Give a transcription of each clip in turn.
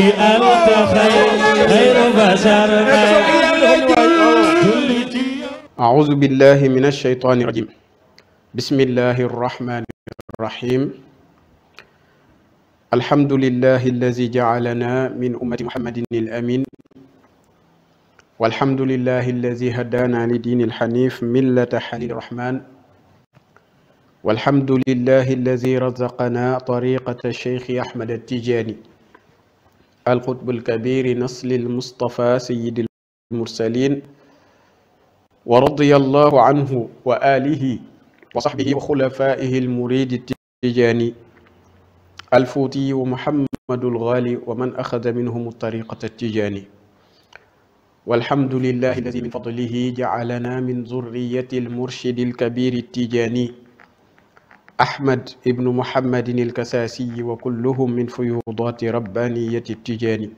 أنت خير بشر أعوذ بالله من الشيطان الرجيم بسم الله الرحمن الرحيم الحمد لله الذي جعلنا من أمة محمد الأمين والحمد لله الذي هدانا لدين الحنيف ملة حليل الرحمن والحمد لله الذي رزقنا طريقة الشيخ أحمد التجاني القطب الكبير نسل المصطفى سيد المرسلين ورضي الله عنه وآله وصحبه وخلفائه المريد التجاني الفوتي ومحمد الغالي ومن أخذ منهم الطريقة التجاني والحمد لله الذي من فضله جعلنا من ذرية المرشد الكبير التجاني أحمد ابن محمد الكساسي وكلهم من فيوضات ربانية التجاني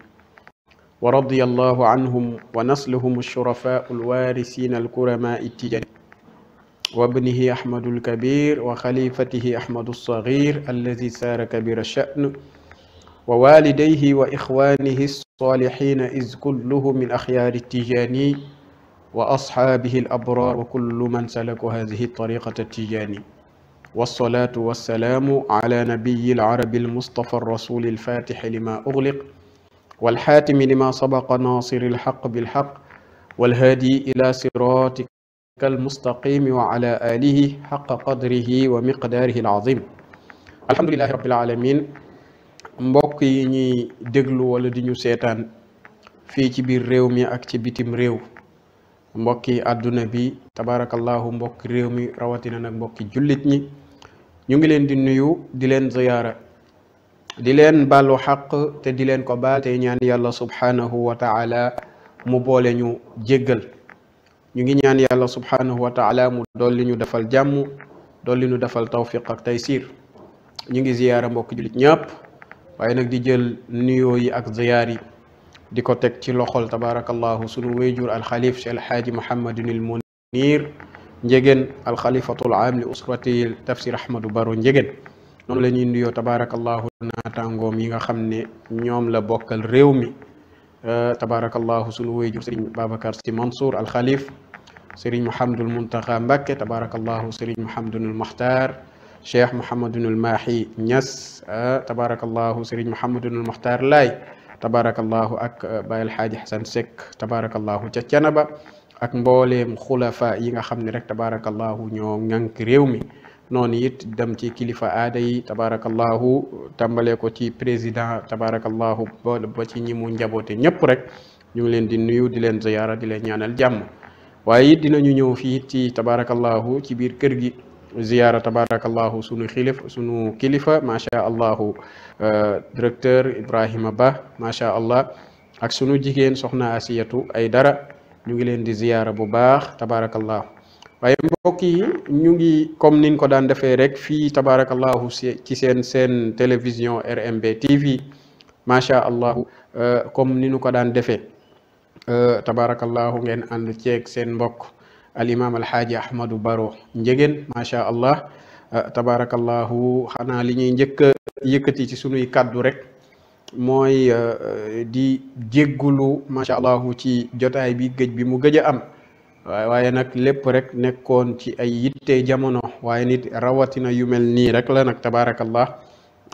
ورضي الله عنهم ونسلهم الشرفاء الوارثين الكرماء التجاني وابنه أحمد الكبير وخليفته أحمد الصغير الذي سار كبير الشأن ووالديه وإخوانه الصالحين إذ كله من أخيار التجاني وأصحابه الأبرار وكل من سلك هذه الطريقة التجاني والصلاة والسلام على نبي العرب المصطفى الرسول الفاتح لما أغلق والحاتم لما سبق ناصر الحق بالحق والهادي إلى صراطك المستقيم وعلى آله حق قدره ومقداره العظيم الحمد لله رب العالمين mbokk yi ñuy déglu في di ñu ريو fii ci biir réew mi ak ci bitim réew mbokki àdduna bi tabarakallahu ñu ngi leen di nuyu di leen ziyaara di leen baalu xaq te di leen ko baal te ñaan yàlla subhanahu wa taala mu boole ñu jéggal ñu ngi ñaan yàlla subhanahu wa taala mu dolli ñu defal jàmm dolli ñu defal tawfiq ak taysiir ñu ngi ziyaara mbokk jullit ñëpp waaye nag di jël nuyoo yi ak ziyaar yi di ko teg ci loxol tabaarakallahu sunu wéyjur alxalif si alxaaji muhammadun il نجين الخليفة العام لأسرتي تفسير أحمد بارو نجين نون لا نيو تبارك الله ناتانغوم ييغا خامني نيوم لا بوكال ريومي تبارك الله سونو ويجو سيرين بابكار سي منصور الخليف سيرين محمد المنتقى مكة تبارك الله سيرين محمد المختار شيخ محمد الماحي نيس تبارك الله سيرين محمد المختار لاي تبارك الله اك باي الحاج حسن سك تبارك الله تيانبا ak mboolem xulafa yi nga xam ne rek tabarakallahu ñoo ŋànk réew mi noonu it dem ci kilifa aada yi tabarakallahu tàmbale ko ci président tabarakallahu ba ci ñi mu njaboote ñëpp rek ñu ngi leen di nuyu di leen ziyaara di leen ñaanal jàmm waaye it dinañu ñëw fii ci tabarakallahu ci biir kër gi ziyaara tabarakallahu sunu xilif sunu kilifa macha allahu euh, directeur Ibrahima Ba macha allah ak sunu jigéen soxna asiyatu ay dara ñu ngi leen di ziyaara bu baax tabaarakallahu waaye mbokk yi ñu ngi comme niñ ko daan defee rek fii tabaarakallahu ci seen seen télévision RMB TV macha allah euh, comme ni ñu ko daan defee euh, tabaarakallahu ngeen ànd ceeg seen mbokk al imam alxaaji ahmadou baro njegéen macha allah euh, tabaarakallahu xanaa li ñuy njëkk a yëkkati ci sunuy kàddu rek mooy euh, euh, di jéggulu macha allah ci jotaay bi gëj bi mu gëj a am waaye nag lépp rek nekkoon ci ay yitte jamono waaye nit rawatina yu mel nii rek la nag tabaarakallah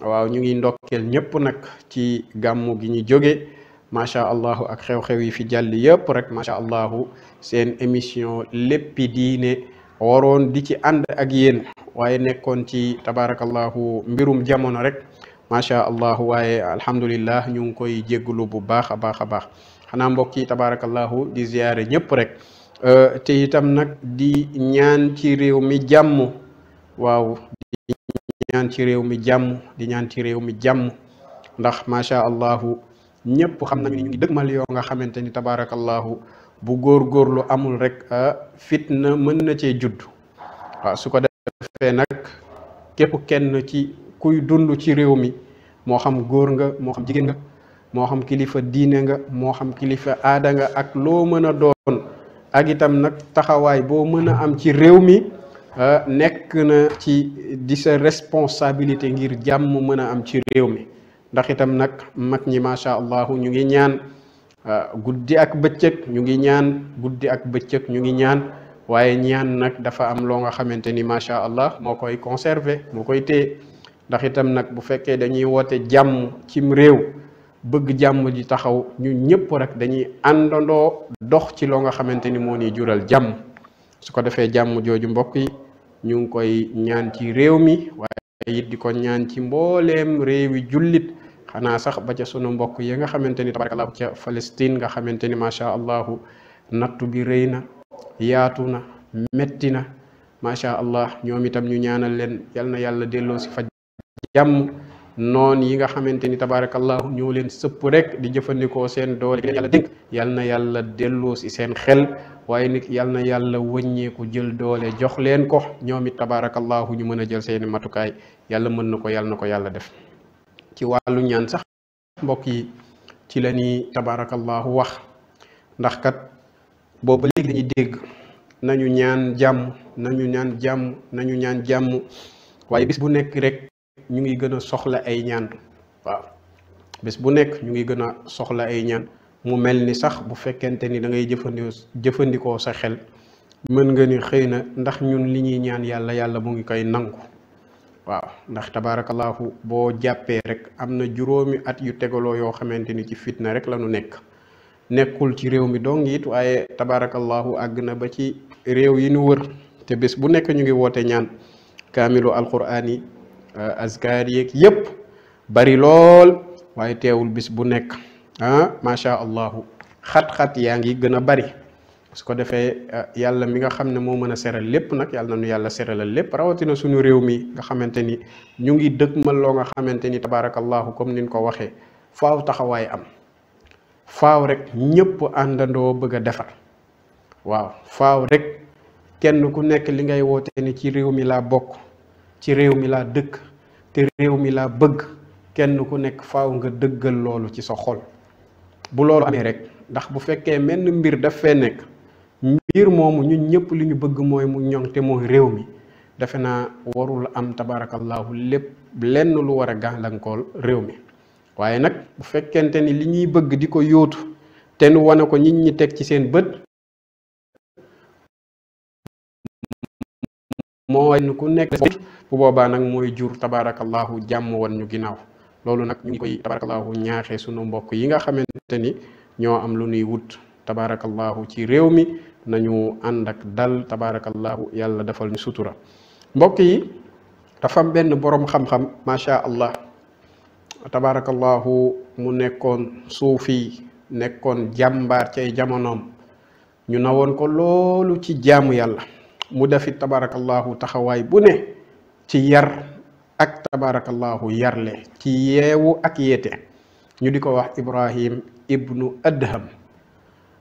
waaw ñu ngi ndokkeel ñëpp nag ci gàmmu gi ñu jóge macha allah ak xew-xew yi fi jàll yëpp rek macha allah seen émission léppi diine waroon di ci ànd ak yéen waaye nekkoon ci tabaarakallahu mbirum jamono rek. masha allah waye alhamdulillah ñu ngi koy jéglu bu baaxa baaxa baax xana mbokk yi tabarakallah di ziaré ñëpp rek e, té itam nak di ñaan ci réew mi jamm waaw di ñaan ci réew mi jamm di ñaan ci réew mi jamm ndax masha allah ñëpp xam nañu ñu ngi dëgmal yo nga tabarakallah bu gor gor lu amul rek e, fitna mën na ci judd wa suko defé nak képp kenn ci kuy dundu ci réew mi mo xam goor nga mo xam jigen nga mo xam kilifa diine nga mo xam kilifa aada nga ak lo meuna doon ak itam nak taxaway bo meuna am ci réew mi euh, nek na ci di sa responsabilité ngir jam meuna am ci réew mi ndax itam nak mag ñi sha allah euh, ñu ngi ñaan guddi ak beccëk ñu ngi ñaan guddi ak beccëk ñu ngi ñaan waye ñaan nak dafa am lo nga xamanteni ni sha allah mo koy conserver mo koy ndax itam nak bu fekke dañuy wote jàmm ci rew bëgg jàmm ji taxaw ñun ñëpp rek dañuy andando dox ci lo nga mo ni jural jàmm su ko defé jàmm joju mbokk yi ñu ngi koy ñaan ci rew mi waye yit di ko ñaan ci rew jullit xana sax ba ca sunu mbokk yi ya nga xamanteni tabarakallah ca Palestine nga xamanteni ni sha allahu nattu bi reyna na yaatu na metti na allah ñoom itam ñu ñaanal len yalna na delo ci si jam non yi nga xamanteni tabarakallah tabarakallahu leen sepp rek di jëfëndiko seen doole yalla dénk yàlla na yàlla delloo si seen xel waye nit yalna yalla yàlla ko jël doole jox leen ko ñoomi tabarakallah tabarakallahu ñu mëna jël seen matukaay yalla mëna ko yalna ko yalla def ci walu ñaan sax mbokk yi ci la ñuy tabarakallahu wax ndax kat boobu leg dañuy dégg nañu ñaan jam nañu ñaan nañu ñaan waye bis bu nek rek ñu ngi gën a soxla ay ñaan waaw bés bu nekk ñu ngi gën a soxla ay ñaan mu mel ni sax bu fekkente ni da ngay jëfandikoo jëfandikoo sa xel mën nga ni xëy na ndax ñun li ñuy ñaan yàlla yàlla mu ngi koy nangu waaw ndax tabaarakallaahu boo jàppee rek am na juróomi at yu tegaloo yoo xamante ni ci fitna rek la ñu nekk nekkul ci réew mi dong it waaye tabaarakallaahu àgg na ba ci réew yi ñu wër te bés bu nekk ñu ngi woote ñaan kaamilu alquraan yi Euh, azkar yéeg yëpp bari lool waaye teewul bis bu nekk ah macha allahu xat-xat yaa ngi gën a bari su ko defee euh, yàlla mi nga xam ne moo mën a seral lépp nag yàlla na nu yàlla seralal lépp rawatina suñu réew mi nga xamante ni ñu ngi dëgmal loo nga xamante ni tabaarakallahu comme ni ñu ko waxee faaw taxawaay am faaw rek ñépp àndandoo bëgg a defar waaw faaw rek kenn ku nekk li ngay woote ni ci réew mi laa bokk. ci réew mi laa dëkk te réew mi laa bëgg kenn ku nekk faw nga dëggal loolu ci sa xol bu loolu amee rek ndax bu fekkee menn mbir daf nekk mbir moomu ñu ñëpp li ñu bëgg mooy mu ñoŋ te mooy réew mi defe naa warul am tabaarakallaahu lépp lenn lu war a gàllankoor réew mi waaye nag bu fekkente ni li ñuy bëgg di ko yuutu te nu wane ko nit ñi teg ci seen bët moo way ku nekk bu boba nak moy jur tabarakallah jamm won ñu ginaaw lolu nak ñu koy tabarakallah ñaaxé suñu mbokk yi nga xamanteni ño am lu ñuy wut tabarakallah ci réew mi nañu andak dal tabarakallah yalla dafal ñu sutura mbokk yi dafa am benn borom xam-xam sha allah tabarakallah mu nekkon sufi nekkon jambar ci jamonom ñu nawon ko lolu ci jamu yalla mu defit tabaarakallaahu taxawaay bu ne ci yar ak tabaarakallaahu yarle ci yeewu ak yeete ñu di ko wax ibrahim ibnu adham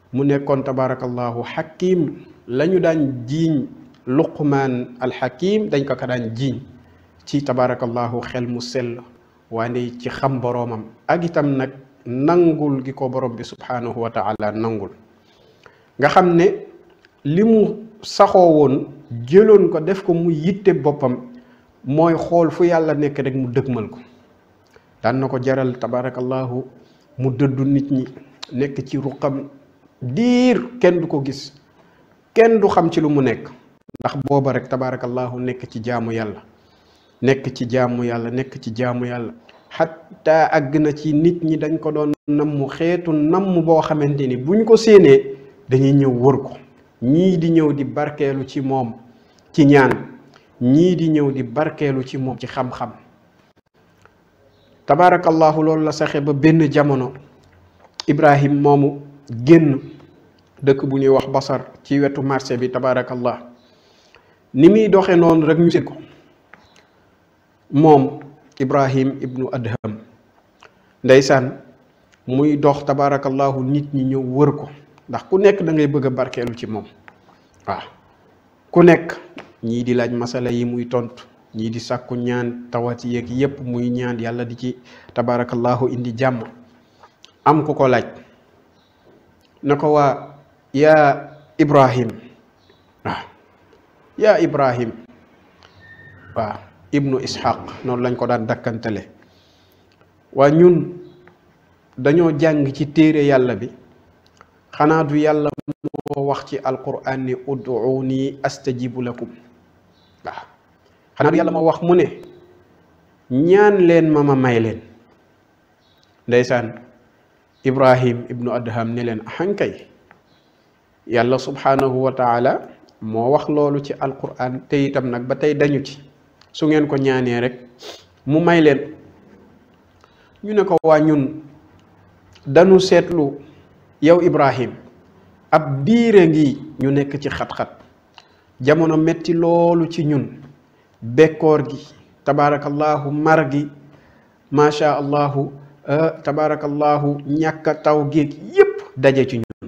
mu nekkoon tabaarakallaahu xakim la daan jiiñ luqmaan alxakim dañ ko ko daan jiiñ ci tabaarakallaahu xel mu sel sell waane ci xam boroomam ak itam nag nangul gi ko borom bi subhaanahu wa taala nangul nga xam ne li mu saxoo woon jëloon ko def ko mu yitte boppam mooy xool fu yàlla nekk rek mu dëgmal ko daan ko jaral tabaarakallaahu mu dëddu nit ñi nekk ci ruqam diir kenn du ko gis kenn du xam ci lu mu nekk ndax booba rek tabaarakallaahu nekk ci jaamu yàlla nekk ci jaamu yàlla nekk ci jaamu yàlla xatta àgg na ci nit ñi dañ ko doon namm xeetu namm boo xamante ni buñ ko séenee dañuy ñëw wër ko ñi di ñew di barkelu ci mom ci ñaan ñi di ñew di barkelu ci mom ci xam-xam tabarakallahu lola la saxé ba ben jamono ibrahim momu genn dekk bu ñuy wax basar ci wetu marché bi tabarakallah ni muy doxe rek ñu ko mom ibrahim ibnu adham ndaysan muy dox tabarakallah nit ñi ñew wër ko ndax ku nek da ngay bëgg barkelu ci mom wa ku nek ñi di laaj masala yi muy tontu ñi di sakku ñaan tawati yek yep muy ñaan yalla di ci tabarakallahu indi jamm am ku ko laaj nako wa ya ibrahim nah, ya ibrahim wa ibnu ishaq non lañ ko daan wanyun wa ñun dañoo ya ci téré yalla bi xanaa du yàlla moo wax ci alquran ne ud'uuni astajibu lakum waaw xanaa du yàlla ma wax mu ne ñaan leen ma ma may leen ndeysaan ibrahim ibnu adham ne leen ahankay yàlla subhanahu wa taala moo wax loolu ci alquran te itam nag ba tey dañu ci su ngeen ko ñaanee rek mu may leen ñu ne ko waa ñun dañu seetlu yow Ibrahim ab diire ngi ñu nekk ci xat-xat jamono metti loolu ci ñun bekkoor gi tabaarakallaahu mar gi macha allahu euh, tabaarakallaahu ñàkk taw géeg yépp daje ci ñun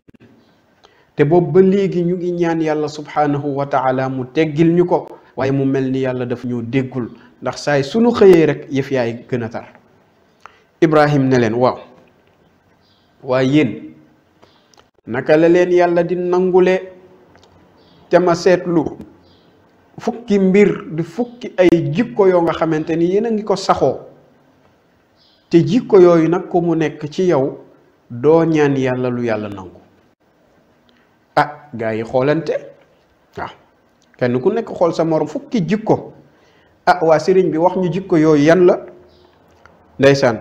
te boobu ba léegi ñu ngi ñaan yàlla subhaanahu wa taala mu teggil ñu ko waaye mu mel ni yàlla daf ñoo déggul ndax saa sunu xëyee rek yëf yaay gën a tar Ibrahim ne leen waaw waaye yéen naka la leen di nangule te ma seetlu fukki mbir di fukki ay jikko yo nga xamanteni ni ngi ko saxo te jikko yooyu nak ko mu nek ci yow do ñaan yalla lu yalla nangu ah gaay xolante ah kenn ku nek xol sa morom fukki jikko ah wa sëriñ bi wax ñu jikko yooyu yan la ndaysan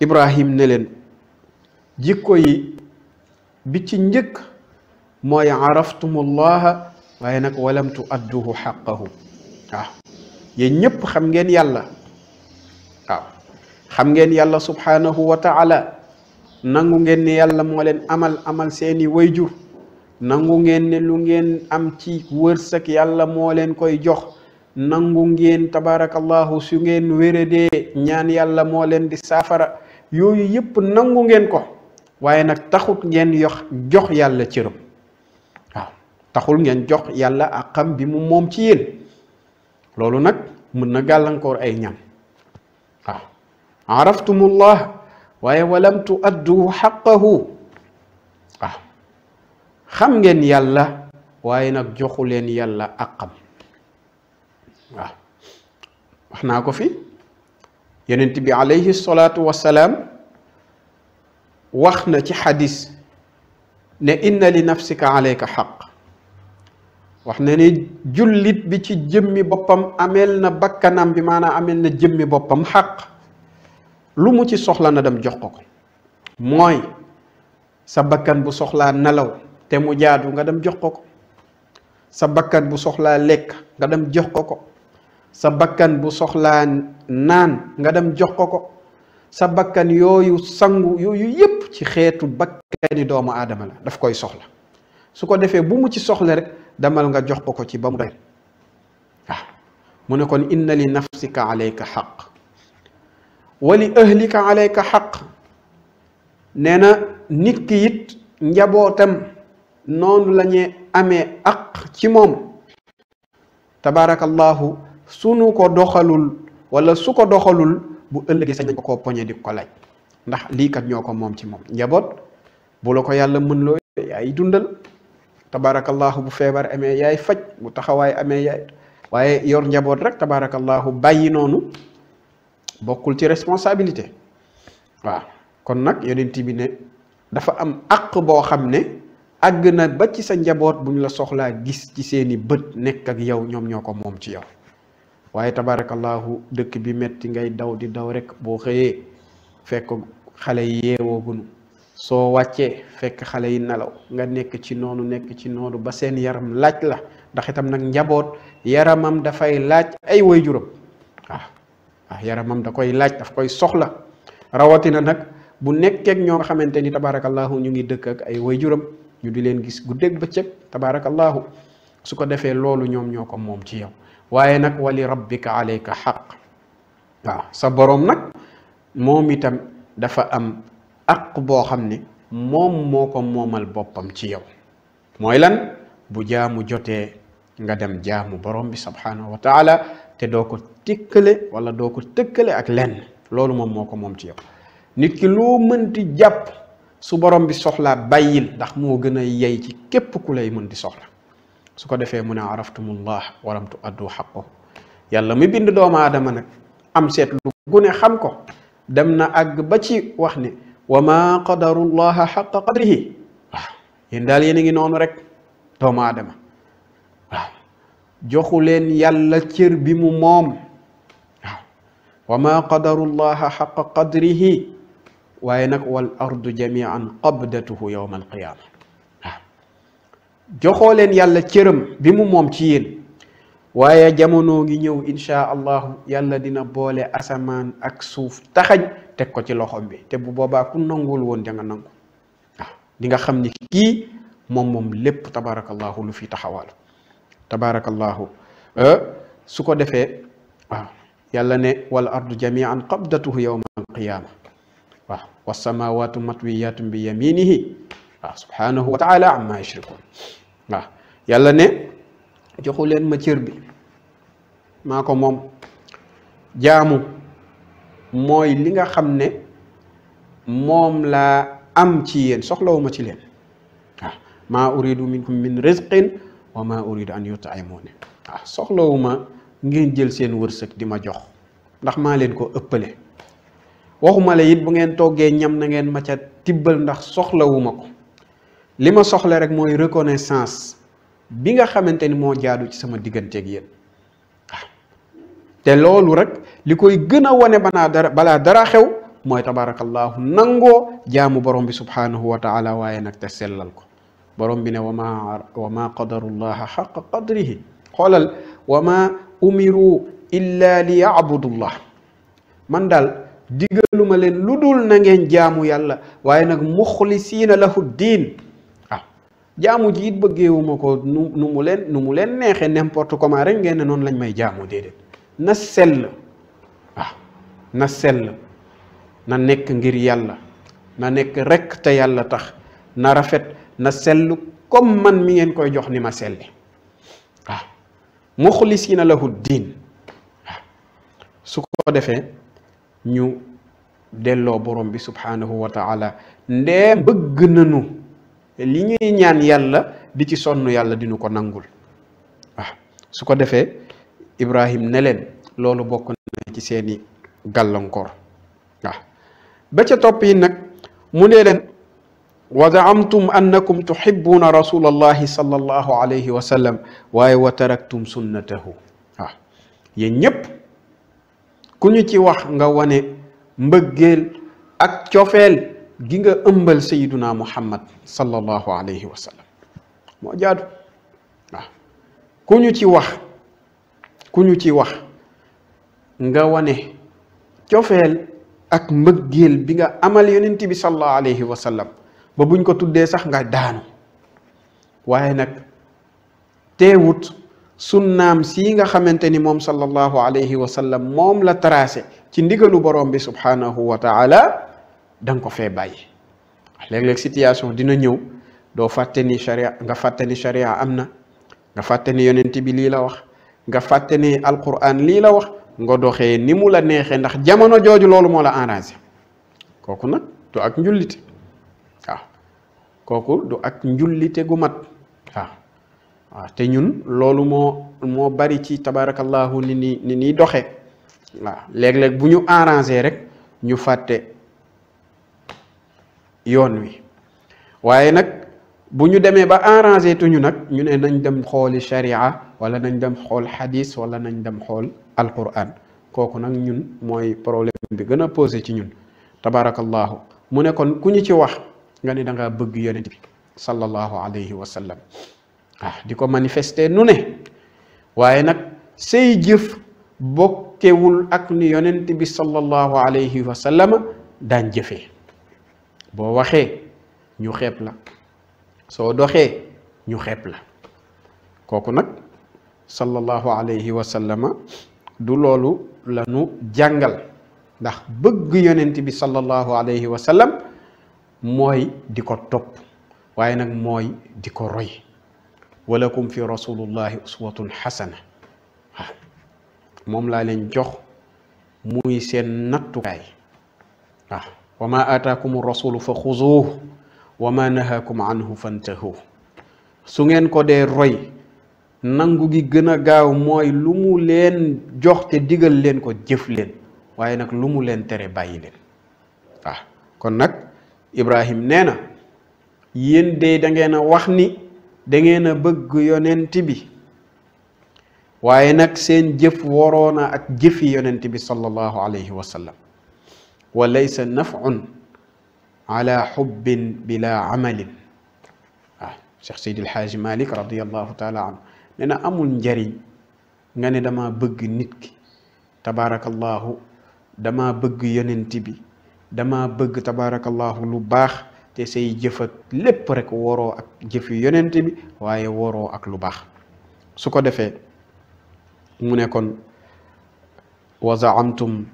ibrahim ne len jikko yi bi ci njëkk mooy araftumullaha waaye nag walam tuadduhu xaqahu waaw yéen ñépp xam ngeen yàlla waaw xam ngeen yàlla subhanahu wa taala nangu ngeen ne yàlla moo leen amal amal seeni wayjur nangu ngeen ne lu ngeen am ci wërsëg yàlla moo leen koy jox nangu ngeen tabarakallahu su ngeen wéradee ñaan yàlla moo leen di saafara yooyu yépp nangu ngeen ko wa enak taxut ngeen yox jox yàlla cëram waaw taxul ngeen jox yàlla akam xam bi mu moom ci yéen loolu nag mën na gàllankoor ay ñam waaw araftumullah waaye walam tuaddu xaqahu waaw xam ngeen yàlla waaye nag joxu leen yàlla waaw wax ko fi alayhi wax na ci xadis ne inna li nafsika alayka xaq wax na ne jullit bi ci jëmmi boppam ameel na bakkanam bi maanaam ameel na jëmmi boppam xaq lu mu ci soxla na dem jox ko ko mooy sa bakkan bu soxlaa nelaw te mu jaadu nga dem jox ko ko sa bakkan bu soxlaa lekk nga dem jox ko ko sa bakkan bu soxlaa naan nga dem jox ko ko sa bakkan yooyu sangu yooyu yépp ci xeetu bakkani doomu aadama la daf koy soxla su ko defee bu mu ci soxla rek damal nga jox ko ko ci ba mu doy waaw mu ne kon inna li nafsika alayka xaq wa li ahlika alayka xaq nee na nit ki it njabootam noonu la ñuy amee aq ci moom tabaarakallahu sunu ko doxalul wala su ko doxalul bu ëllëgee sañ nañ ko koo poñe di ko laaj ndax lii kat ñoo ko moom ci moom njaboot bu la ko yàlla mën loo yaay dundal tabaarakallaahu bu feebar amee yaay faj bu taxawaay amee yaay waaye yor njaboot rek tabaarakallaahu bàyyi noonu bokkul ci responsabilité waa kon nag yonent bi ne dafa am àq boo xam ne àgg na ba ci sa njaboot bu ñu la soxlaa gis ci seeni bët nekk ak yow ñoom ñoo ko moom ci yow waye tabarakallahu dekk bi metti ngay daw di daw rek bo xeye fekk xalé yi yeewoogunu soo wàccee fekk xalé yi nalaw nga nek ci nonu nek ci nonu ba sen yaram laaj la ndax itam nak njabot yaramam dafay laaj ay wayjuram ah ah yaramam da koy laaj daf koy soxla rawatina nak bu ak ñoo xamanteni tabarakallahu ñu ngi dekk ak ay wayjuram ñu di leen gis guddeeg bëccëg tabarakallahu su ko defee loolu ñoom ñoo mom ci yow waye nak wali rabbika alayka haqq wa sa borom nak momi tam dafa am aq bo xam mom moko momal bopam ci yow moy lan bu jaamu jotee nga dem jaamu borom bi subhanahu wa taala te doko ko tikkale wala doko ko ak len lolou mom moko mom ci yow nit ki japp su borom bi soxla bayil, ndax mo gën yey ci kep ku lay soxla su defé muna araftumullah wa lam tu'addu haqqo yàlla mi bind doomu adama nak am set lu gune xam ko demna ag ba ci wax ni wa ma qadarullaha qadrihi waaw yéen daal yéen ngi noonu rek doomu aadama waaw yàlla cieur bi mu mom waaw wa ma qadrihi waye nak wal ardu jamian qabdatuhu al qiyamah joxoo leen yàlla cëram bi mu moom ci waaye jamono ngi ñëw insha allahu yàlla dina boole arsamaan ak suuf taxañ teg ko ci loxoom bi te bu boobaa ku nangul woon da nga nangu waaw nga xam ni kii moom moom lépp tabaarakallahu lu fi taxawal tabaarakallahu eh, su ko defee waaw yàlla ne wal ardu jamian qabdatuhu yawma alqiyaama waaw wassamawatu matwiyatum bi yaminihi waaw wa taala amma yushrikun waaw nah, yalla ne joxu len ma cieur bi mako mom jaamu moy li nga xamne ne la am ci yéen soxlawuma ci len waaw ah, uridu minkum min rizqin wa ma uridu an yut'imuun waaw ah, soxlawuma ngeen jël seen wërseuk di ma jox ndax ma len ko ëppale waxuma la yit bu ngeen toggé ñam na ngeen ma ca tibbal ndax soxlawuma ko li ma soxla rek moy reconnaissance bi nga xamanteni mo jaadu ci sama ak yéen te loolu rek likoy gëna woné bana dara bala dara xew moy tabarakallah nango jaamu borom bi subhanahu wa taala waaye nak te selal ko borom bi ne wama wama qadarullah haqq qadrihi xoolal wama umiru illa li yaabudullah man dal digeluma len lu na ngeen jaamu yàlla waaye nak mukhlisina lahu diin jaamu ji it bëggeewuma ko nu nu mu leen nu mu leen neexee n'importe comment rek ngeen ne noonu lañ may jaamu déedéet na sell ah na sell na nekk ngir yàlla na nekk rekk te yàlla tax na rafet na sell comme man mi ngeen koy jox ni ma selli yi ah, na lahu diin ah, su ko defee ñu delloo borom bi subhanahu wa taala ndee bëgg nanu li ñuy ñaan yàlla di ci sonn yàlla dinu ko nangul waaw su ko defee Ibrahim nelen leen loolu bokk na ci seeni gàllankoor waaw ba ca topp yi nag mu ne leen wa zaamtum annakum tuhibbuuna rasulallahi sallallahu alayhi wa sallam waaye wa taraktum sunnatahu waaw yéen ñépp ku ñu nga wane mbëggeel ak cofeel gi nga ëmbal sayiduna muhammad sallallahu alayhi wa sallam moo jaadu waaw ku ñu ci wax ku ñu ci wax nga wane cofeel ak mbëggeel bi nga amal yonent bi sallallahu alayhi wa sallam ba buñ ko tuddee sax nga daanu waaye nag teewut sunnaam sii nga xamante ni moom sallallahu alayhi wa sallam moom la tracé ci ndigalu borom bi subhanahu wa taala da ko fee bàyyi léeg-léeg situation dina ñëw doo fàtte ni charia nga fàtte ni charia am na nga fàtte ni yonent bi lii la wax nga fàtte ni alquran lii la wax nga doxee ni mu la neexee ndax jamono jooju loolu moo la arrangé kooku nag du ak njullite waaw kooku du ak njullite gu mat waaw waaw te ñun loolu moo moo bari ci tabarakallahu ni ni ni niy doxee waaw léeg bu ñu arrangé rek ñu fàtte yoon wi waaye nag bu ñu demee ba arrangé tuñu nag ñu ne nañ dem xooli sharia wala nañ dem xool hadith wala nañ dem xool alquran kooku nag ñun mooy problème bi gën a posé ci ñun tabarakallahu mu ne kon ku ñu ci wax nga ni da nga bëgg yonent bi sallallahu alayhi wa sallam ah di ko manifester nu ne waaye nag say jëf bokkewul ak ni yonent bi sallallahu alayhi wa sallam daan jëfee boo waxee ñu xeeb la soo doxee ñu xeeb la kooku nag sallallahu alayhi wa sallama du loolu la nu jàngal ndax bëgg yonent bi sallallahu alayhi wa sallam mooy di ko topp waaye nag mooy di ko roy walakum fi rasulullahi uswatun xasana moom laa leen jox muy seen nattukaay waaw wa ma aataakum rasulu fa xuzuuhu wa ma nahaakum anhu fantahu su ngeen ko dee roy nangu gi gën a gaaw mooy lu mu leen jox te digal leen ko jëf leen waaye nag lu mu leen tere bàyyi leen waaw ah, kon nag Ibrahim nee na yéen de da ngeen a wax ni da ngeen a bëgg yonent bi waaye nag seen jëf waroona ak jëfi yonent bi sallallahu alayhi wa وليس نفع على حب بلا عمل آه. شيخ سيد الحاج مالك رضي الله تعالى عنه انا امول جري غاني داما بغ نيتك تبارك الله داما بغ يوننتي بي داما بغ تبارك الله لو باخ تي سي جيفك لب رك وورو اك جيف يوننتي بي وايي وورو اك لو باخ سوكو دافي مو نيكون وزعمتم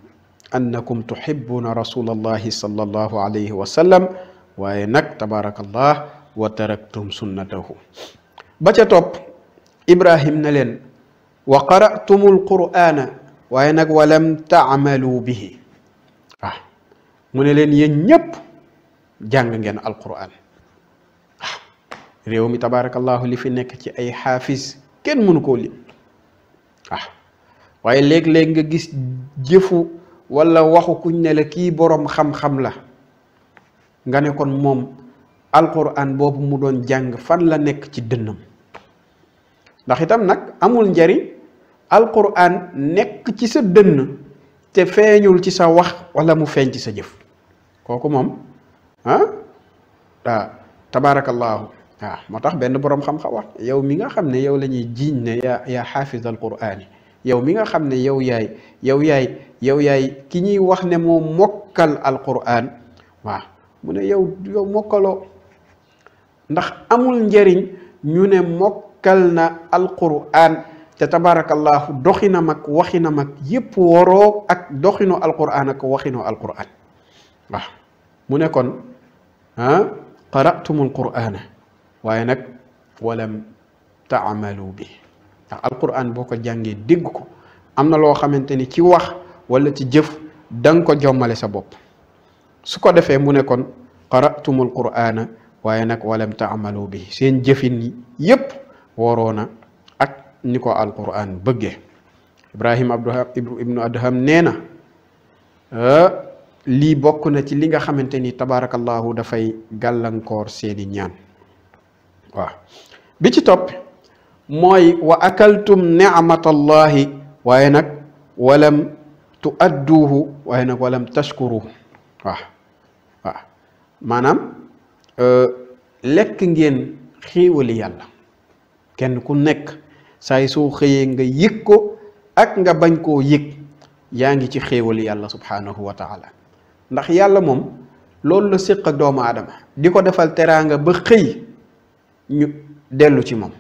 أنكم تحبون رسول الله صلى الله عليه وسلم وأنك تبارك الله وتركتم سنته باتي توب إبراهيم نلين وقرأتم القرآن وأنك ولم تعملوا به آه. من لين ينب جانجن القرآن آه. ريومي تبارك الله اللي في نكتي أي حافز كن منكولي آه. waye leg leg nga gis jëfu wala waxu kuñ ne la kii boroom xam-xam la nga ne kon moom alquran boobu mu doon jàng fan la nekk ci dënnam ndax itam nag amul njariñ alquran nekk ci sa dënn te feeñul ci sa wax wala mu feeñ ci sa jëf kooku moom ah waaw ah, tabaarakallaahu waaw ah, moo tax benn boroom xam-xam wax yow mi nga xam ne yow la ñuy jiiñ ne yaa yaa xaafis alquraan yow mi nga xam ne yow yaay yow yaay yow yaay ki ñuy wax ne moo mokkal alquran waaw mu ne yow yow mokkaloo ndax amul njariñ ñu ne mokkal na alquran te tabaarakallaahu doxinam ak waxinam mag yépp waroo ak doxinu alquran ak waxinu alquran waaw mu ne kon ah qara'tumul qur'ana waaye nag walam taamalu bi ndax alquran boko jangé dégg ko amna lo xamanteni ci wax wala ci jëf dang ko jommale sa bop su ko défé mu né kon qara'tumul qur'ana waaye nak walam ta'malu bi seen jëfin yépp worona ak niko alquran bëggé ibrahim abduham ibnu adham néna euh ah, li bokku na ci li nga xamanteni tabarakallah tabarakallahu fay galankor seeni ñaan wa bi ci top mooy wa akaltum nicmatallahi waaye nag walam tuadduuhu waaye nag walam tashkuru waaw waaw maanaam lekk ngeen xéewali yàlla kenn ku nekk saay soo xëyee nga yëg ko ak nga bañ koo yëg yaa ngi ci xéewali yàlla subhaanahu wa taala ndax yàlla moom loolu la séq ak doomu aadama di ko defal teraanga ba xëy ñu dellu ci moom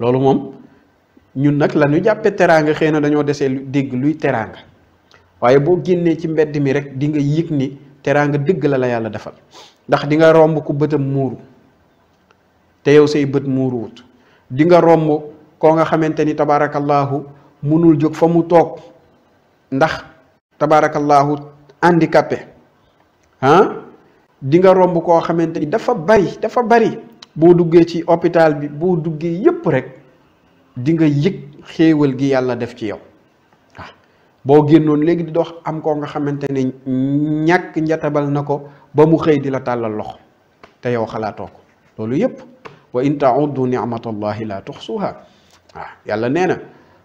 loolu moom ñun nag la ñu jàppe teraanga xëy na dañoo desee dégg luy teraanga waaye boo génnee ci mbedd mi rek di nga yëg ni teraanga dégg la la yàlla defal ndax di nga romb ku bëtam muuru te yow say bët muuru wut di nga romb koo nga xamante ni tabaarakallaahu mënul jóg fa mu toog ndax tabaarakallaahu handicapé ah di nga romb koo xamante ni dafa bari dafa bari boo duggee ci hôpital bi boo duggee yépp rek dinga nga yëg xéewal gi yàlla def ci yow waaw boo génnoon léegi di dox am ko nga xamante ne ñàkk njatabal na ko ba mu xëy di la tàllal loxo te yow xalaatoo ko loolu yépp wa in tauddu nicmatallahi la tuxsuha waaw yàlla nee na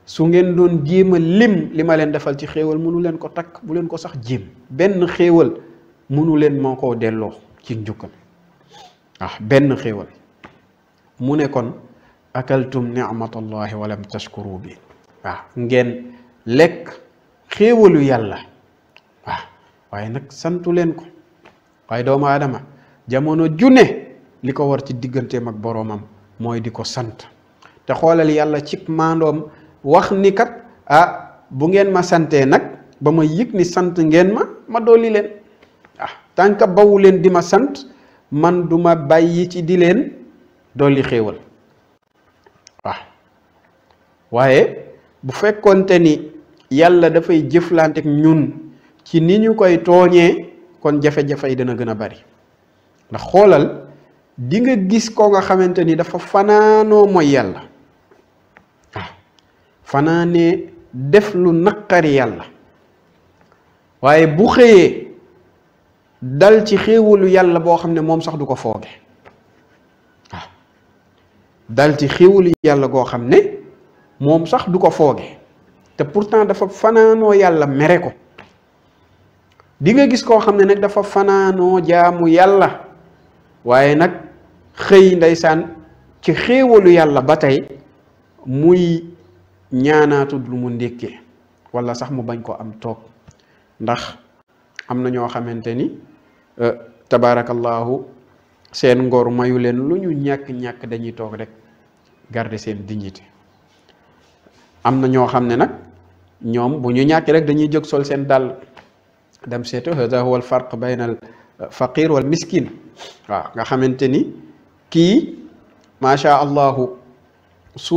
su ngeen doon jéem li ma leen defal ci xéewal mënu leen ko takk bu leen ko sax jéem benn xéewal mënu leen moo koo delloo ci njukkal ah benn xéewal mu ne kon akaltum nicmatallahi walam tashkuru bi waaw ngeen lekk xéewalu yàlla waaw waaye nag santu leen ko waaye doomu aadama jamono junne li ko war ci digganteem ak boroomam mooy di ko sant te xoolal yàlla ci maandoom wax ni kat ah bu ngeen ma santee nag ba ma yëg ni sant ngeen ma ma dolli leen ah tànk bawu leen di ma sant man du ma bàyyi ci di leen dolli xéewal waaw waaye bu fekkonte ni yàlla dafay jëflantek ñun ci ni ñu koy tooñee kon jafe-jafe yi dana gën a bari ndax xoolal dinga gis ko nga xamante ni dafa fanaanoo moy yàlla waaw fanaanee def lu naqari yàlla waaye bu xëyee dal ci xéewalu yàlla boo xam ne moom sax du ko fooge dal ci xéwali yàlla goo xam ne moom sax du ko fooge te pourtant dafa fanaanoo yàlla mere ko di nga gis koo xam ne nag dafa fanaanoo jaamu yàlla waaye nag xëy ndeysaan ci xéewalu yàlla ba tey muy ñaanaatu lu mu ndékkee wala sax mu bañ koo am toog ndax am na ñoo xamante ni euh, tabaarakallaahu seen ngor mayu leen lu ñu ñàkk-ñàkk dañuy toog rek garder sen dignité am ño ñoo nak ñom nag ñoom bu ñu rek dañuy sol sen dal dem seetu hada huwa al farq bayna al faqir wal miskin wa nga xamanteni ki ma sha allahu su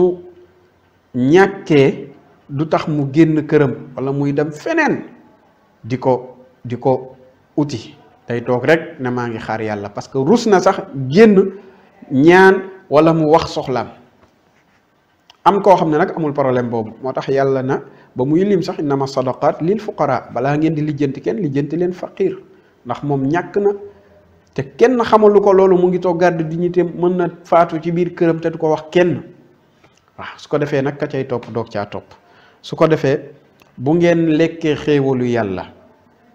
ñaké du tax mu genn kërëm wala muy dem fenen di ko di uti day tok rek na ma ngi xaar yalla parce que rus sax genn ñaan wala mu wax soxlam am koo xam ne nag amul problème boobu moo tax yàlla na ba muy lim sax ma innama sadaqaat lil fuqara balaa ngeen di lijjanti kenn lijjanti leen faqir ndax moom ñàkk na te kenn xamalu ko loolu mu ngi gàdd di garde dignité mën na faatu ci biir këram te du ko wax kenn su ko defee nag ka topp doog caa topp su ko defee bu ngeen lekkee xéewalu yàlla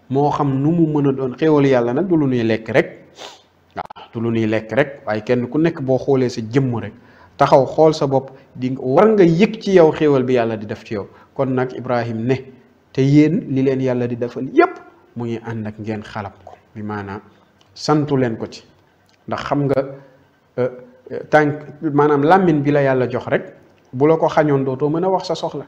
moo xam nu mu mën a doon xéewalu yàlla nag du lu nuy lekk rek waaw du lu nuy lekk rek waaye kenn ku nekk boo xoolee sa jëmm rek taxaw xool sa bopp di war nga yëg ci yow xéewal bi yàlla di def ci yow kon nag Ibrahim ne te yéen li leen yàlla di defal yépp mu ngi ànd ak ngeen xalab ko bi maanaam santu leen ko ci ndax xam nga euh, euh, tànk maanaam làmmiñ bi la yàlla jox rek bu la ko xañoon dootoo mën a wax sa soxla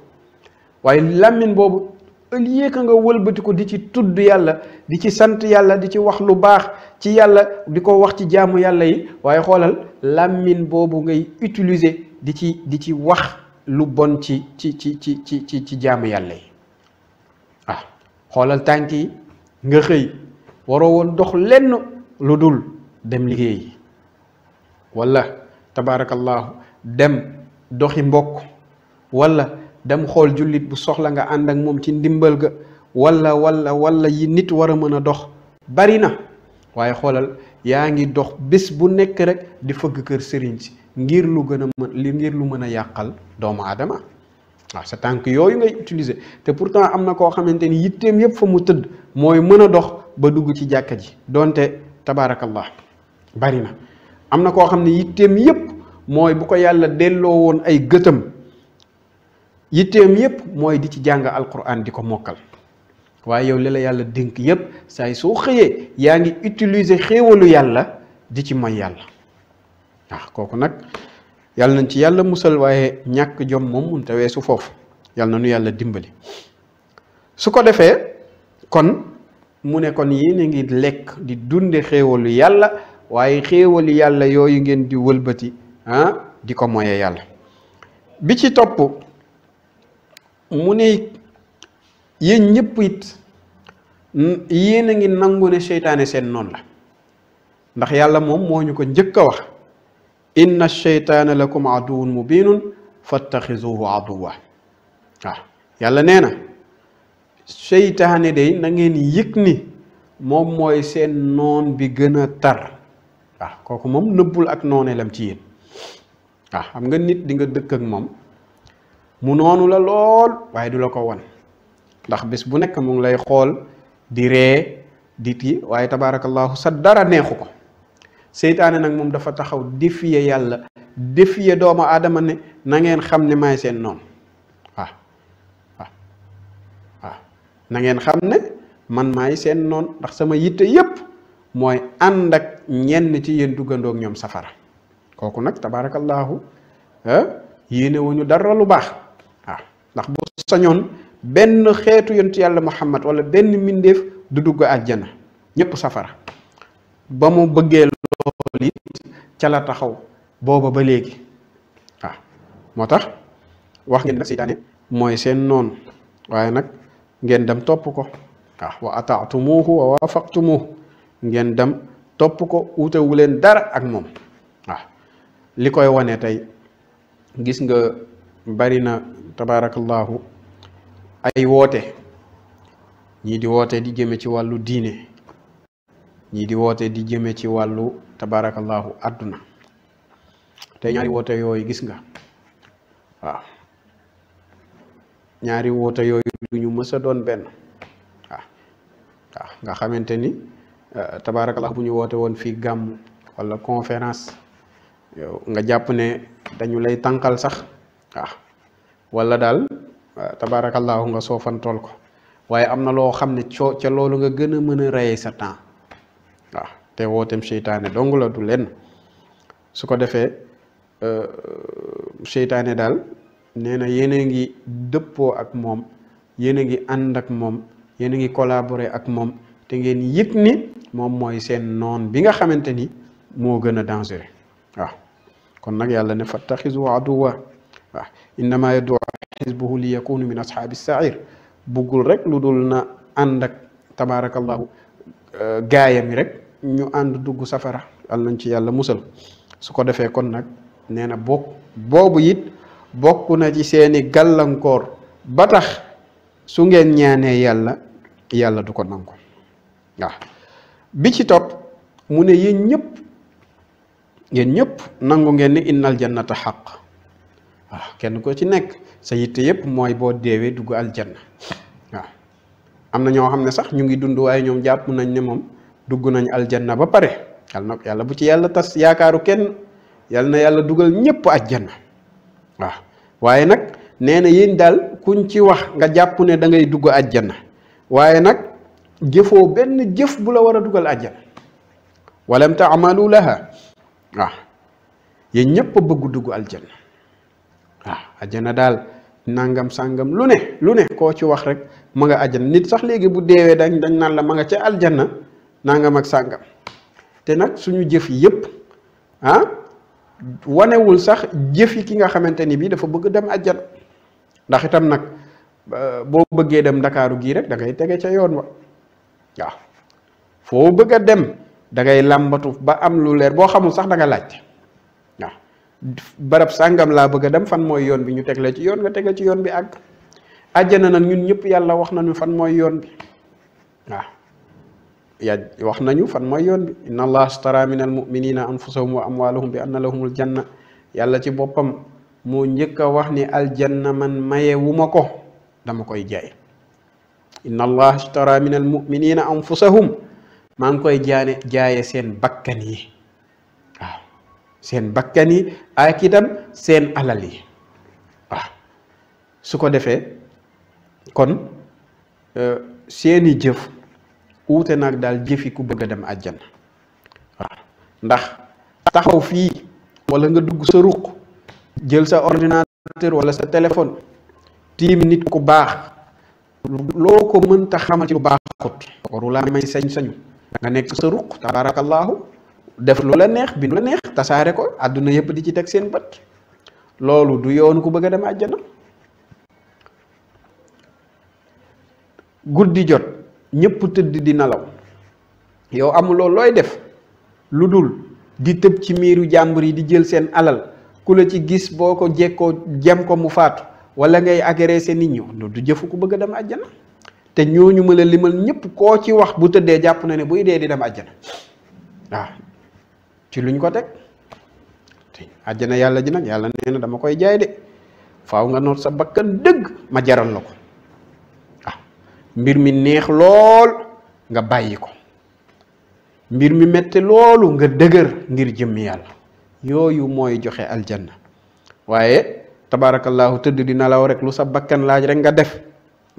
waaye làmmiñ boobu ëllëg nga wëlbati ko di ci tudd yàlla di ci sant yàlla di ci wax lu baax ci yàlla di ko wax ci jaamu yàlla yi waaye xoolal làmmiñ boobu ngay utiliser di ci di ci wax lu bon ci ci ci ci ci ci ci jaamu yàlla yi ah xoolal tànki nga xëy waroo woon dox lenn lu dul dem liggéeyi wala tabaarakallaahu dem doxi mbokk walla dem xool jullit bu soxla nga ànd ak moom ci ndimbal ga walla walla walla yi nit war a mën a dox bari na waaye xoolal yaa ngi dox bés bu nekk rek di fëgg kër sëriñ si ngir lu gën a mën li ngir lu mën a yàqal doomu aadama waaw sa tànk yooyu ngay utiliser te pourtant am na koo xamante ni yitteem yépp fa mu tëdd mooy mën a dox ba dugg ci jàkka ji donte tabaarakallah bari na am na koo xam ne yitteem yépp mooy bu ko yàlla delloo woon ay gëtam yitteem yépp mooy di ci jàng alquran di ko mokkal waye yow lila yalla denk yeb say so soo xëyee yaa utiliser xewolu yalla di ci moy yalla wax kooku nak yalla nañ ci yalla musal waye ñak jom mom mu tawee fofu yalla nu dimbali su ko defee kon mu ne kon yéen ngi lek di dundé xewolu yalla waye xewolu yalla yoyu ngeen di wëlbeuti han ah, di ko moye yalla bi ci top mu yéen ñëpp it yéen a ngi nangu ne seytaane seen noon la ndax yàlla moom moo ñu ko njëkk a wax inna seytaana lakum aduwun mubinun fattaxizuhu aduwa waaw yàlla nee na seytaane day na ngeen yëg ni moom mooy seen noon bi gën a tar waaw kooku moom nëbbul ak nooneelam ci yéen waaw xam nga nit di nga dëkk ak moom mu noonu la lool waaye du la ko wan ndax bis bu nek mu ngi lay xol di re di ti waye tabarakallah sa dara neexu ko seytaane nag moom dafa taxaw defiye yalla defiye doomu adama ne na ngeen xamne may sen non wa wa wa na ngeen xamne man may sen non ndax sama yitte yep moy ànd ak ñenn ci dugando ak ñom safara nak tabarakallah tabarakallahu ah, yene wuñu dara lu bax ah ndax bu sañon benn xeetu yontu yàlla muhammad wala benn mbindeef du dugg àjjana ñépp safara ba mu bëggee lool it ca la taxaw booba ba léegi waaw moo tax wax ngeen seytaane mooy seen noonu waaye nag ngeen dem topp ko waaw wa ataatumuhu wa waafaqtumuhu ngeen dem topp ko wuutewu leen dara ak moom waaw li koy wane tey gis nga bari na tabaarakallaahu ay wote ñi di wote di jëme ci walu diine ñi di wote di jëme ci walu tabarakallahu aduna te ñaari wote yoy gis nga wa ñaari wote yoy duñu mës a doon ben waaw waaw nga xamanteni euh, tabarakallahu bu ñu woote woon fii wala conférence nga japp ne dañu lay tankal sax wala dal. tabaarakallaahu nga soofantool ko waaye am na loo xam ne coo ca loolu nga gën a mën a reyee sa temps waaw te wootem seytaane dong la du lenn su ko defee euh, seytaane daal nee na yéen a ngi dëppoo ak moom yéen a ngi ànd ak moom yéen a ngi collaborer ak moom te ngeen yëg ni moom mooy seen noon bi nga xamante ni moo gën a dangereux waaw kon nag yàlla ne fattaxisu aduwa waaw innama yadu xisbuhu li yakunu min ashaabi sair buggul rek lu dul na ànd ak tabaarakallahu gaayam yi rek ñu ànd dugg safara al nañ ci yàlla musal su ko defee kon nag nee na bokk boobu it bokk na ci seeni gàllankoor ba tax su ngeen ñaanee yàlla yàlla du ko nangu waaw bi ci topp mu ne yéen ñëpp ngeen ñépp nangu ngeen ni innal jannata xaq waaw kenn ko ci nekk sa yitte yëpp mooy boo deewee dugg aljanna waaw am na ñoo xam ne sax ñu ngi dund waaye ñoom jàpp nañ ne moom dugg nañ aljanna ba pare yàlla na yàlla bu ci yàlla tas yaakaaru kenn yàlla na yàlla dugal ñëpp aljanna waaye nag nee na yéen daal kuñ ci wax nga jàpp ne da ngay dugg aljanna waaye nag jëfoo benn jëf bu la war a dugal aljanna walam taamalu laha waaw yéen ñëpp a bëgg dugg aljanna ah àjjana dal nangam sangam lu ne lu ne ko ci wax rek ma nga àjjana nit sax legi bu dewe dañ dañ nan la ma nga ci aljana nangam ak sangam te nak suñu jëf yépp ah wanewul sax jëf yi ki nga xamanteni bi dafa bëgg dem aljana ndax itam nak bo bëgge dem dakaru gi rek da ngay tege ci yoon wa fo bëgg dem da ngay lambatu ba am lu leer bo xamul sax da nga lacc barab sàngam laa bëgg a dem fan mooy yoon bi ñu tegle ci yoon nga teg ci yoon bi ak àjjana nag ñun ñëpp yàlla wax nañu fan mooy yoon bi waaw ya wax nañu fan mooy yoon bi inna allah astara min al muminina anfusahum wa amwalahum bi yàlla ci boppam moo njëkk a wax ni aljanna man maye wu ko dama koy jaay inna allah astara min maa ngi koy jaane jaaye seen bakkan yi seen bakkani yi ak itam seen alal yi ah, su ko kon euh, seeni jëf wuute nak dal jëfi ku bëgg dem aljana ah ndax taxaw fi wala nga dugg sa ruq jël sa ordinateur wala sa téléphone tim nit ku baax loko mën ta xamal ci lu baaxut waru la may sañ-sañu nga nek sa ruq tabarakallah def lu la neex bi lu neex tasaare ko aduna yépp di ci tek seen bët lolou du yoon ku bëgg dem aljana guddi jot ñepp tëdd di nalaw yow lo loy def ludul, di tepp ci miru jambur di jël seen alal ku la ci gis boko ko jam ko mu faat wala ngay agresser nit ñi du jëfu ku bëgg dem aljana te ñooñu ma la limal ñepp ko ci wax bu tëddee japp na ne buy di dem aljana ci luñ ko tek aljana yalla ji nak yalla neena na dama koy jaay de faaw nga noot sa bakkan deug ma jaral la ah mbir mi neex lol nga bayiko mbir mi metti lolou nga dëgër ngir jëm yalla yoyu moy joxe aljanna waye tabarakallah tëdd di law rek lu sa bakkan laaj rek nga def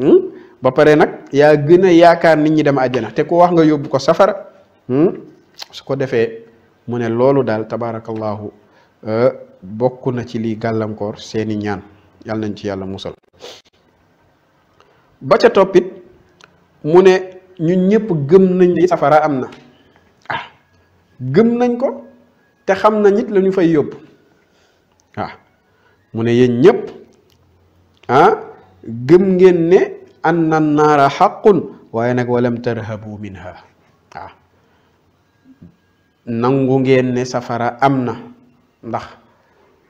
hmm? ba pare nak ya gëna yaakar nit ñi dem aljana te ko wax nga yobbu ko safara hmm? su ko defee mu ne loolu daal tabaarakallaahu euh, bokk na ci lii gàllankoor seeni ñaan yàlla nañ ci yàlla musal ba ca toppit mu ne ñu ñëpp gëm nañ ne safara am na ah gëm nañ ko te xam nañ lañu fay yóbbu waaw ah, mu ne yéen ñëpp ah gëm ngeen ne an naara xaqun waaye nag walam tarhabu minha waaw ah, nangu ngeen ne safara am na ndax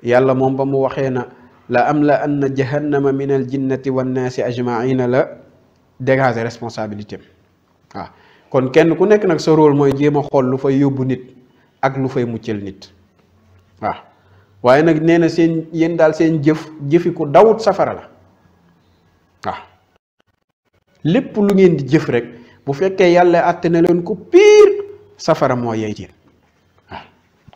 yàlla moom ba mu waxee na la am la anna na min al jinnati si wannaasi ajmaina la dégager responsabilité waaw kon kenn ku nekk nag sa rôle mooy jéem a xool lu fay yóbbu nit ak lu fay muccal nit waaw waaye nag nee seen yéen daal seen jëf jëfi ku dawut safara la waaw lépp lu ngeen di jëf rek bu fekkee yàlla àtte na leen ko piir safara moo yey ci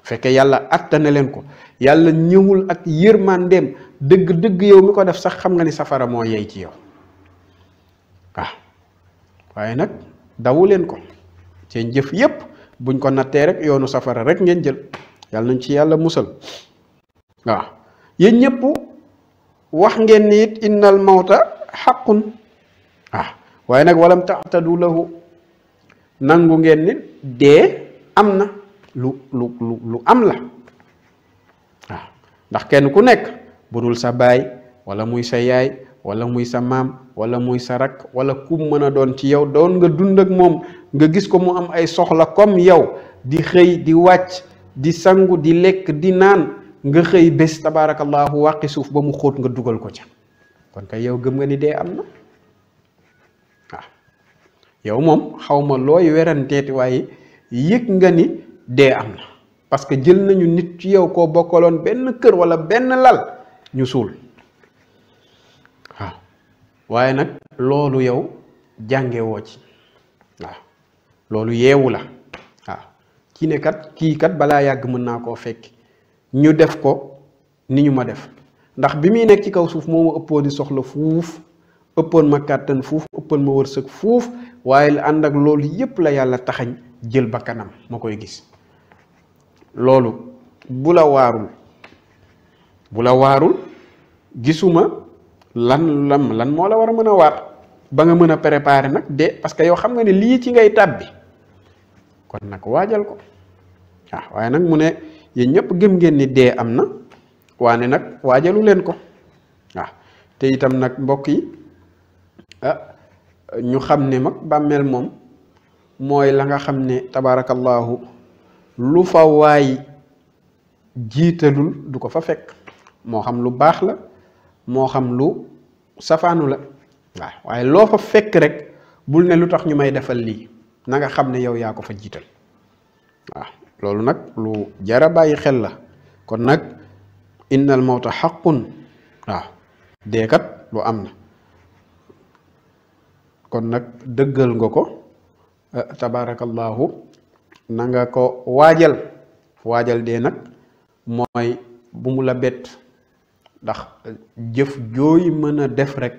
fekke yalla attane len ko yalla ñewul ak yermandem deug deug yow mi ko def sax xam nga ni safara mo yey ci yow ah waye nak dawu len ko ci jëf yépp buñ ko naté rek yoonu safara rek ngeen jël yalla ci yalla musal waaw ye ñepp wax ngeen ni innal mauta haqqun ah waye nak walam ta'tadu lahu nangu ngeen ni de amna lu lu lu lu am la ah nah, ndax kenn ku nek budul sa bay wala muy sa yay wala muy sa mam wala muy sa rak wala ku meuna don ci yow don nga dund ak mom nga gis ko mu am ay soxla comme yow di xey di wacc di sangu di lek di nan nga xey bes tabarakallah wàqi suuf ba mu nga duggal ko ci kon kay yow gëm nga ni de am na ah, yow mom xawma werante ti yek nga ni dee amna, parce que jël nañu nit ci yow ko benn kër wala ben lal ñu suul waaye nag loolu yow jànge woo ci waaw loolu yeewu la waaw ki ne kat kii kat balaa yàgg mën naa koo fekk ñu def ko ni ñu ma def ndax bi muy nekk ci kaw suuf moo ma ëppoon di soxla fuuf ëppoon ma kàttan fuuf ëppoon ma wërsëg fuuf waaye la ànd ak loolu yépp la yàlla taxañ jël bakkanam ma gis loolu bu la waarul bu la waarul gisuma lan lam lan moo la war a mën a waar ba nga mën a préparer nag de parce que yow xam nga ne lii ci ngay tàbbi kon nag waajal ko waaw ah, waaye nag mu ne yéen ñëpp gëm ngeen ni dee am na waane nag waajalu leen ko waaw ah, te itam nag mbokk yi ah, ñu xam ne mag bàmmeel moom mooy la nga xam ne tabaarakallaahu lu fa waay jiitalul du ko fa fekk moo xam lu baax la moo xam lu safaanu la waaw waaye loo fa fekk rek bul ne lu tax ñu may defal lii nanga xam ne yow yaa ko fa jiital waaw loolu nag lu jara bàyyi xel la kon nag innal ta xaqun waaw deekat lu am na kon nag dëggal nga ko eh, tabaarakallaahu nanga ko waajal waajal dee nag mooy bu mu la bett ndax jëf jooy mën a def rekk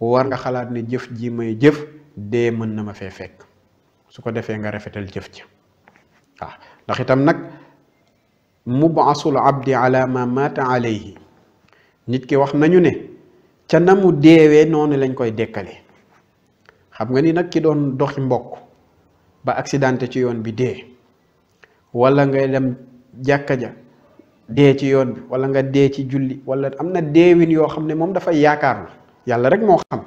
war nga xalaat ne jëf ji may jëf dee mën na ma fee fekk su ko defee nga rafetal jëf ji waaw ndax itam nag mubaasul abdi ala ma mata alayhi nit ki wax nañu ne ca na mu deewee noonu lañ koy dekkale xam nga ni nag ki doon doxi mbokk ba accidenté ci yoon bi dee walla ngay dem jàkka ja ci yoon bi wala nga dee ci julli wala am na deewin yoo xam ne moom dafa yaakaar la yàlla rek moo xam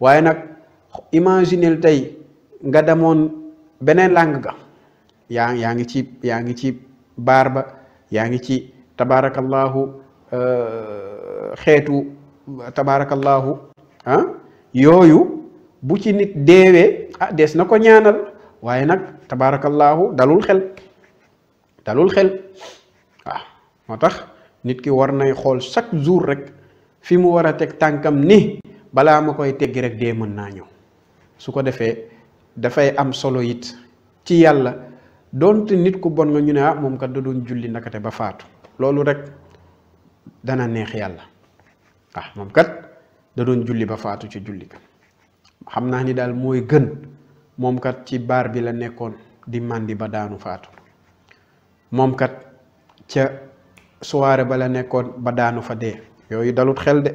waaye nag imaginel tey nga demoon beneen làng ga yaa yaa ngi ci yaa ngi ci baar ba yaa ngi ci tabaarakallahu euh, xeetu tabaarakallahu ah yooyu bu ci nit deewee ah des na ko ñaanal waaye nag tabaarakallaahu dalul xel dalul xel waaw moo tax nit ki war nay xool chaque jour rek fi mu war a teg tànkam ni balaa ma koy teggi rek dee mën naa ñëw su ko defee dafay am solo yit ci yàlla doonte nit ku bon nga ñu ne ah moom kat da doon julli ba faatu loolu rek dana neex yàlla ah da doon julli ba faatu ci julli ka xam naa ni daal mooy gën moom kat ci baar bi la nekkoon di màndi ba daanu faatu moom kat ca soirée ba la nekkoon ba daanu fa dee yooyu dalut xel de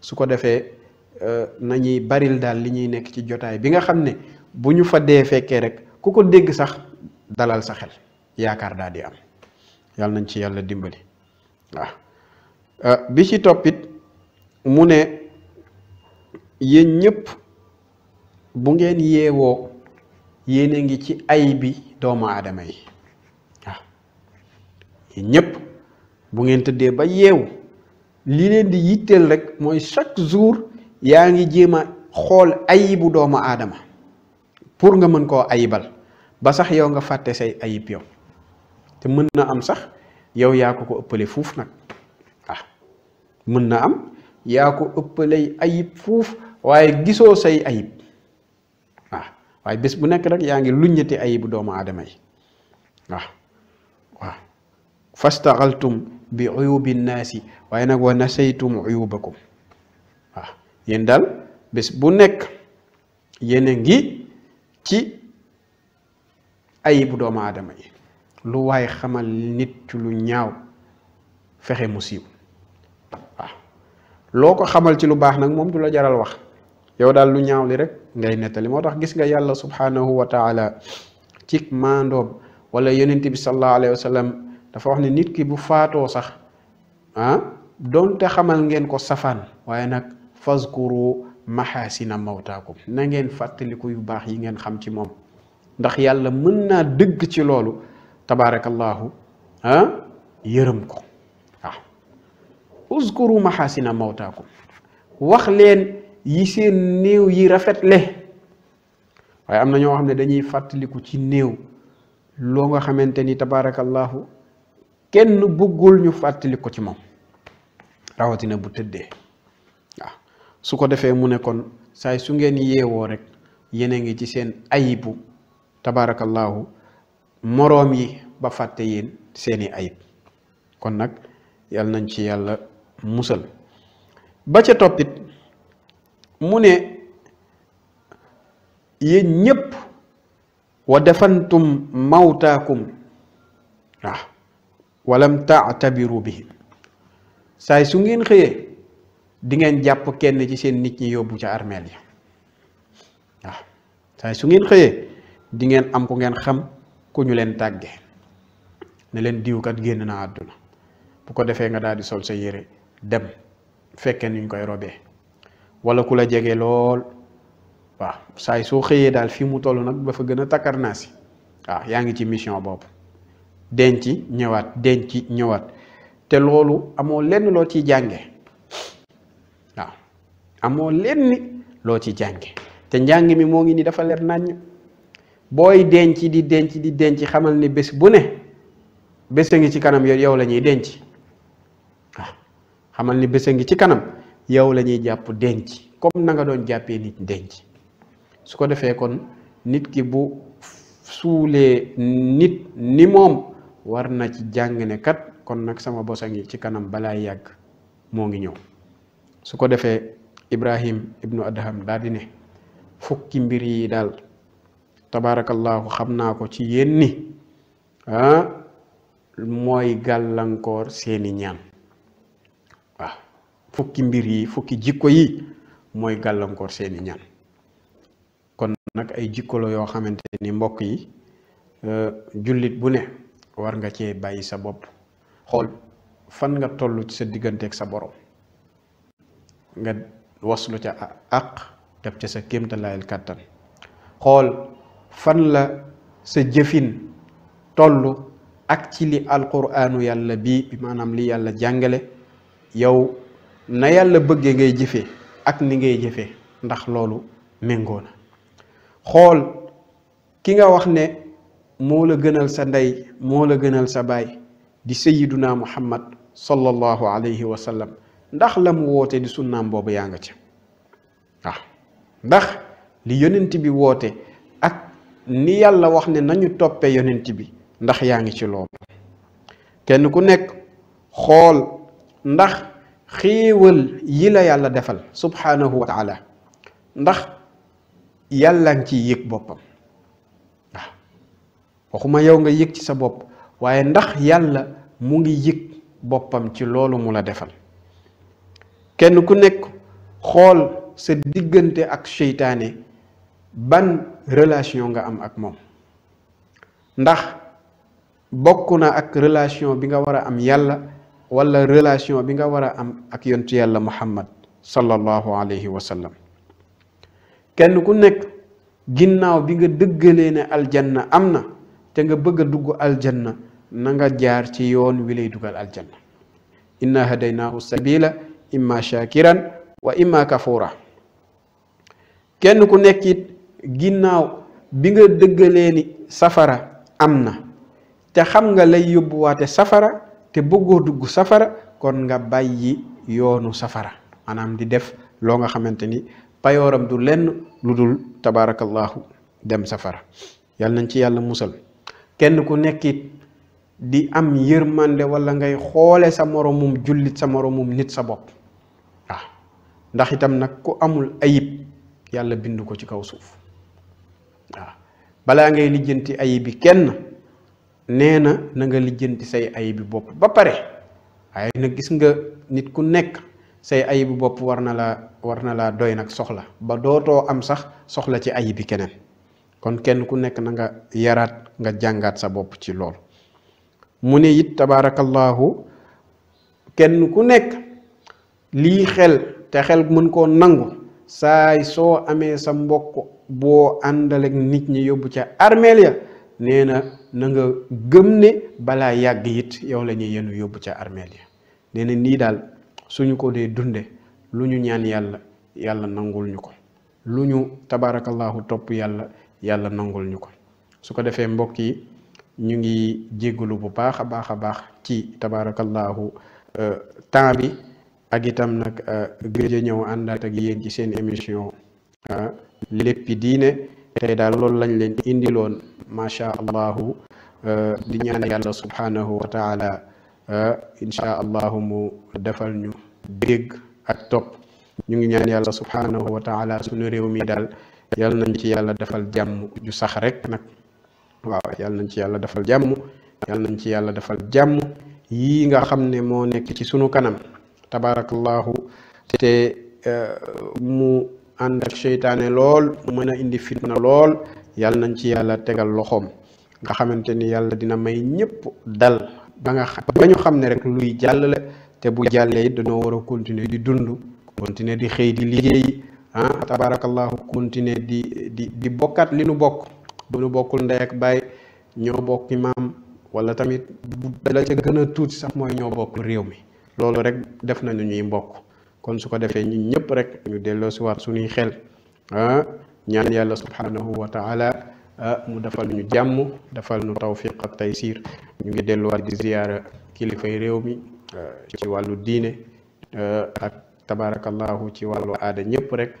su ko defee euh, nañuy baril daal li ñuy nekk ci jotaay bi nga xam ne bu ñu fa dee fekkee rek ku ko dégg sax dalal sa xel yaakaar daal di am yàlla nañ ci yàlla dimbali waaw euh, bi ci toppit mu ne yéen ñëpp. bu ngeen yeewoo yéen ngi ci ay bi doomu aadama yi waaw yéen ñépp bu ngeen tëddee ba yeew li leen di yitteel rek mooy chaque jour yaa ngi jéema xool ayibu doomu aadama pour nga mën koo ayibal ba sax yow nga fàtte say ayib yow te mën na am sax yow yaa ko ko ëppale fuuf nag ah mën na am yaa ko ëppale ayib fuuf waaye gisoo say ayib way bis bu nek rek yaa ngi luññati ayibu doomu adamay yi waaw fastaghaltum bi uyubin nasi, way nak wa nasaytum uyubakum waaw yéen dal bes bu nek yene ngi ci ayibu doomu adamay lu way xamal nit ci lu ñaaw fexé musib siiw loko xamal ci lu bax nak mom du jaral wax yow dal lu ñaaw li rek ngay netali moo tax gis nga yàlla subhanahu wa taala ci maandoom wala yonent bi sallallahu alayhi wasallam dafa wax ni nit ki bu faato sax ah donte xamal ngeen ko safan waye nak fazkuru maxaasina mawtaakum na ngeen fàttaliku yu baax yi ngeen xam ci moom ndax yàlla mën naa dëgg ci loolu tabaarakallahu ah yërëm ko waaw uzkuru maxaasina mawtaakum wax leen yi seen néew yi rafetle waaye am na ñoo xam ne dañuy fàttaliku ci néew loo nga xamante ni tabaarakallaahu kenn bëggul ñu fàttaliku ci moom rawatina bu tëddee waaw su ko defee mu ne kon saay su ngeen yeewoo rek yéen a ngi ci seen ayibu tabaarakallaahu moroom yi ba fàtte yéen seeni ayib kon nag yàlla nañ ci yàlla musal ba ca toppit mu ne yéen ñépp wa defantum mawtaakum waaw walam taatabiru bi saay su ngeen xëyee di ngeen jàpp kenn ci seen nit ñi yóbbu ca armeel yi waaw saay su ngeen xëyee di ngeen am ku ngeen xam ku ñu leen tàgge ne leen diwkat génn naa àdduna bu ko defee nga daal di sol sa yére dem fekkee ni ñu koy robee wala ku la jege lool waaw saay soo xëyee daal fii mu toll nag ba fa gën a takkar naa si waaw yaa ngi ci mission boobu denc ñëwaat denc ñëwaat te loolu amoo lenn loo lenn ci mi ngi ni dafa di denci di denci, xamal ni bés bu ne bés a ngi ci kanam yow la ñuy xamal ni ci kanam yow lañuy jàpp denc comme na nga doon jàppee nit denc su ko defee kon nit ki bu suulee nit ni moom war na ci jàng ne kat kon nag sama bosa ngi ci kanam balaa yàgg moo ngi ñëw su ko defee ibrahim ibnu adham daal ne fukki mbir yi daal tabaarakallaahu xam naa ko ci yéen ni ah mooy gàllankoor seeni ñaan fukki mbir yi fukki jikko yi mooy gàllankoor seeni ñaan kon nak ay jikko la yoo xamante ni mbokk yi euh, jullit bu ne war nga cee bàyyi sa bopp xool fan nga toll ci sa digganteeg sa borom nga waslu ca àq def ca sa kéemtalaayal kàttan xool fan la sa jëfin toll ak ci li alquraanu yàlla bi maanaam li yàlla jàngale yow na yàlla bëggee ngay jëfee ak ni ngay jëfee ndax loolu méngoo na xool ki nga wax ne moo la gënal sa ndey moo la gënal sa baay di sayiduna muhammad sallallahu alayhi wa sallam ndax la mu woote di sunnaam boobu yaa nga ca waaw ndax li yonent bi woote ak ni yàlla wax ne nañu toppee yonent bi ndax yaa ngi ci loolu kenn ku nekk xool ndax xéewal yi la yàlla defal subhaanahu wa ndax yàlla ngi ciy yëg boppam waaw waxuma yow nga yëg ci sa bopp waaye ndax yàlla mu ngi yëg boppam ci loolu mu la defal kenn ku nekk xool sa diggante ak seytaane ban relation nga am ak moom ndax bokk na ak relation bi nga war a am yàlla wala relation bi nga war a am ak yontu yàlla muhammad sallallahu alayhi wa kenn ku nekk ginnaaw bi nga dëggalee ne aljanna am na te nga bëgg a dugg aljanna nanga jaar ci yoon wi lay dugal aljanna inna hadaynaahu sabila imma shakiran wa imma kafura kenn ku nekk it ginnaaw bi nga dëggalee ni safara am na te xam nga lay yóbbuwaate safara te bëggoo dugg safara kon nga bàyyi yoonu safara maanaam di def loo nga xamante ni payooram du lenn lu dul tabaarakallahu dem safara yàlla nañ ci yàlla musal kenn ku nekkit di am yërmande wala ngay xoole sa moromum jullit sa moromum nit sa bopp dah ndax itam nag ku amul ayib yàlla bind ko ci kaw suuf waaw balaa ngay lijjanti ayibi kenn neena na nga lijeenti say ayibi bop ba pare ay na gis nga nit ku nek say ayibi bop warna la warna la doy nak soxla ba doto am sax soxla ci ayibi kenen kon kenn ku nek na nga yarat nga jangat sa bop ci lol mu yit it tabaarakallahu kenn ku nek li xel te xel mën ko nangu say so amé sa mbokk andal ak nit ñi yóbbu ca nee na na nga gëm ne balaa yàgg yit yow lañuy ñuy yenu yóbbu ca armeel ya nee nii daal suñu ko dee dunde lu ñu ñaan yàlla yàlla nangul ñu ko lu ñu tabaarakallaahu topp yàlla yàlla nangul ñu ko su ko defee mbokk yi ñu ngi jégalu bu baax a baax a baax ci tabaarakallaahu euh, temps bi ak itam nag euh, gëj a ñëw àndaat ak yéen ci seen émission euh, léppi diine tey daal loolu lañ leen euh, di indiloon macha allahu di ñaan yàlla subhanahu wa taala euh, incha allahu mu defal ñu dégg ak topp ñu ngi ñaan yàlla subhanahu wa taala suñu réew mi daal yàlla nañ ci yàlla defal jàmm ju sax rek nag waaw yàlla nañ ci yàlla defal jàmm yàlla nañ ci yàlla defal jàmm yii nga xam ne moo nekk ci sunu kanam tabarakallahu te euh, mu ànd ak seytaane lool mën a indi fitna lool yàlla nañ ci yàlla tegal loxoom nga xamante ni yàlla dina may ñëpp dal ba nga xam ne rek luy jàllale te bu jàllee dañoo war a continuer di dund continuer di xëy di liggéey ah tabarakallahu continuer di di di bokkaat li nu bokk bu nu bokkul ndey ak baay ñoo bokki maam wala tamit bu la ca gën a tuuti sax mooy ñoo bokk réew mi loolu rek def nañu ñuy mbokk kon su ko defee ñun ñëpp rek ñu delloo si waat suñuy xel ah, ñaan yàlla subhanahu wa taala ah, mu defal ñu jàmm defal ñu tawfiq ak taysir ñu ngi delluwaat di ziyaara kilifay réew mi ah, ci wàllu diine ak tabarakallahu ci wàllu aada ñëpp rek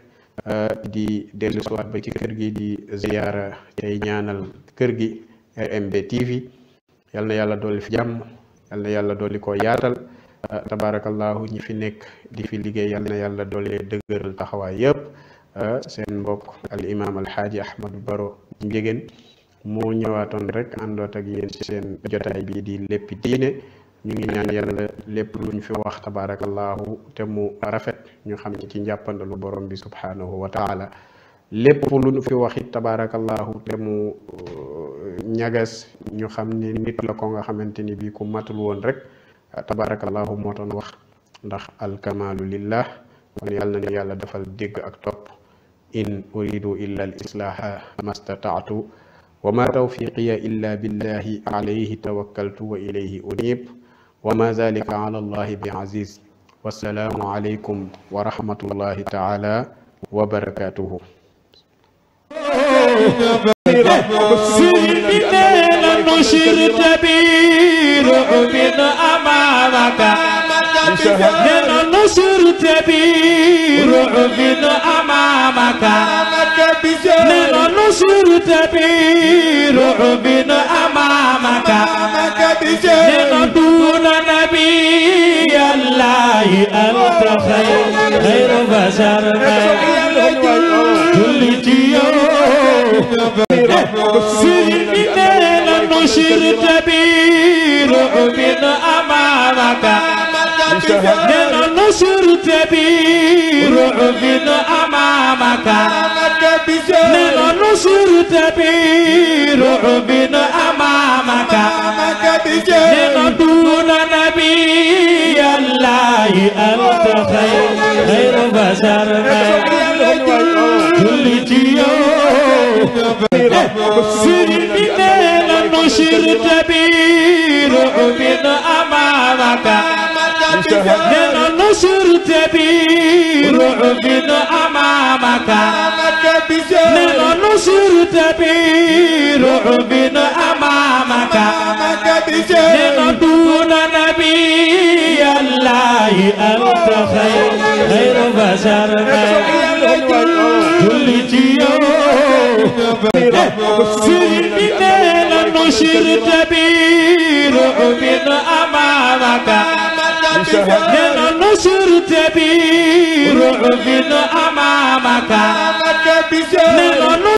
di dellu si waat ba ci kër gi di ziyaara tey ñaanal kër gi RMB yàlla dolli fi jàmm yal yàlla dolli ko yaatal Eh, tabarakallahu ñi fi nek di fi liggéey yalla yalla dole doole taxaway yeb eh, sen mbokk al imam haji ahmad baro ngegen mo ñewaton rek andot ak yeen ci sen jotay bi di lepp diine ñu ngi ñaan yalla lepp luñ fi wax tabarakallahu te mu rafet ñu xam ci njàppandalu borom bi subhanahu wa taala lepp luñ fi wax tabarakallahu te mu eh, ñagas ñu xam ni nit la ko nga xamanteni bi ku matul won rek تبارك الله موتون واخ ندخ الكمال لله وان يالنا يالا دفال ديغ اك توب ان اريد الا الاصلاح ما استطعت وما توفيقي الا بالله عليه توكلت واليه انيب وما ذلك على الله بعزيز والسلام عليكم ورحمه الله تعالى وبركاته معك من النصر تبير عبد أمامك من النصر تبير عبد أمامك من دون نبي الله أنت خير خير بشر كل جيوب سيدنا النصر تبير عبد أمامك أمامك نشر تبير عبد أمامك لنا نشر تبير عبد أمامك لنا دون نبي الله أنت خير خير بشر كل جيو سرنا نشر تبير عبد أمامك أمامك من النصر تبين رعب أمامك من النصر تبين رعب أمامك من دون نبي الله أنت خير خير بشر كل جيوب سيدنا النصر تبين أؤمن أمامك من النصر تبير أؤمن أمامك من النصر